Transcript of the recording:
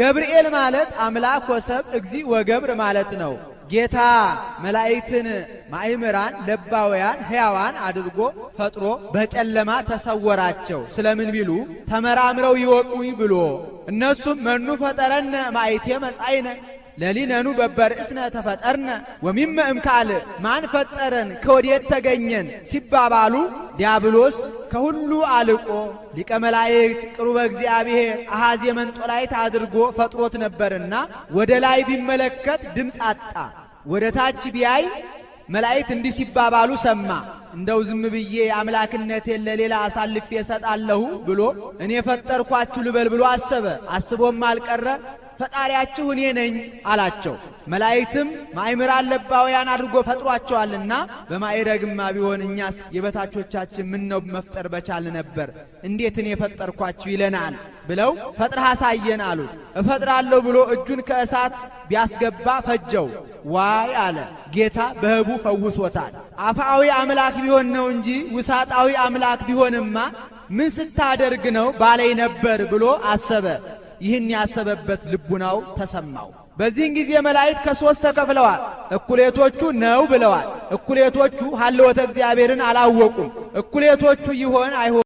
ገብርኤል ማለት አምላክ ወሰብ እግዚ ወገብር ማለት ነው። ጌታ መላእክትን ማእምራን ለባውያን ሕያዋን አድርጎ ፈጥሮ በጨለማ ተሰወራቸው። ስለምን ቢሉ ተመራምረው ይወቁኝ ብሎ እነሱም መኑ ፈጠረነ ማይቴ መጻይነ ለሊነኑ በበርእስነ ተፈጠርነ ወሚመ እምካል ማን ፈጠረን ከወዴት ተገኘን ሲባባሉ ዲያብሎስ ከሁሉ አልቆ ሊቀ መላእክት ቅሩበ እግዚአብሔር አሐዜ መንጦላይት አድርጎ ፈጥሮት ነበርና ወደ ላይ ቢመለከት ድምፅ አጣ። ወደ ታች ቢያይ መላእክት እንዲህ ሲባባሉ ሰማ። እንደው ዝም ብዬ አምላክነቴን ለሌላ አሳልፌ እሰጣለሁ ብሎ እኔ የፈጠርኳችሁ ልበል ብሎ አሰበ። አስቦም አልቀረ ፈጣሪያችሁ እኔ ነኝ አላቸው። መላእክትም ማእምር አለባውያን አድርጎ ፈጥሯቸዋልና በማይረግማ ቢሆን እኛስ የበታቾቻችን ምነው መፍጠር በቻል ነበር፣ እንዴት እኔ የፈጠርኳችሁ ይለናል ብለው ፈጥረህ አሳየን አሉት። እፈጥራለሁ ብሎ እጁን ከእሳት ቢያስገባ ፈጀው። ዋይ አለ ጌታ በህቡ ፈውሶታል። አፋዊ አምላክ ቢሆን ነው እንጂ ውሳጣዊ አምላክ ቢሆንማ ምን ስታደርግ ነው ባለይ ነበር ብሎ አሰበ። ይህን ያሰበበት ልቡናው ተሰማው። በዚህን ጊዜ መላእክት ከሶስት ተከፍለዋል። እኩሌቶቹ ነው ብለዋል። እኩሌቶቹ ሀልወተ እግዚአብሔርን አላወቁም። እኩሌቶቹ ይሆን አይሆን